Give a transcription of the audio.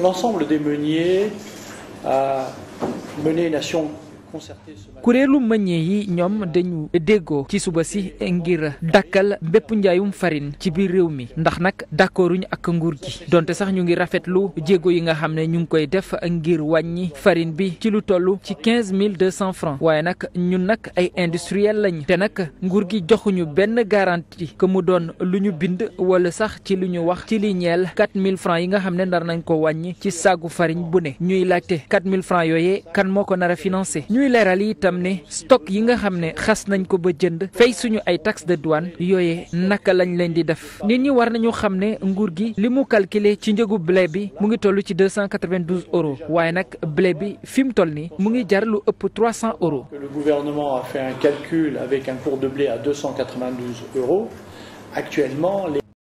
l'ensemble des meuniers a mené une action kuréelu meññee yi ñoom dañu déggoo ci suba si ngir dakkal bépp njaayum farine ci biir réew mi ndax nag d'accorduñu ak nguur gi donte sax ñu ngi rafetlu jéego yi nga xam ne ñu ngi koy def ak ngir wàññi farine bi ci lu toll ci quinze mille deux cent francs waaye nag ñun nag ay industriel lañ te nag nguur gi joxuñu benn garantie que mu doon lu ñu bind wala sax ci lu ñu wax ci li ñeel mille francs yi nga xam ne ndar nañ ko wàññi ci saagu farine bu ne ñuy laajte quatre mille francs yooyee kan ñuy leeral itam ne stock yi nga xam ne xas nañ ko ba jënd fay suñu ay taxe de douane yooyee naka lañ leen di def nit ñi war nañu xam ne nguur gi li mu calculer ci njëgu blé bi mu ngi toll ci 292 euros waaye nag blé bi fi mu toll nii mu ngi jar lu ëpp 300 euros. Le gouvernement a fait un calcul avec un cours de blé à euros.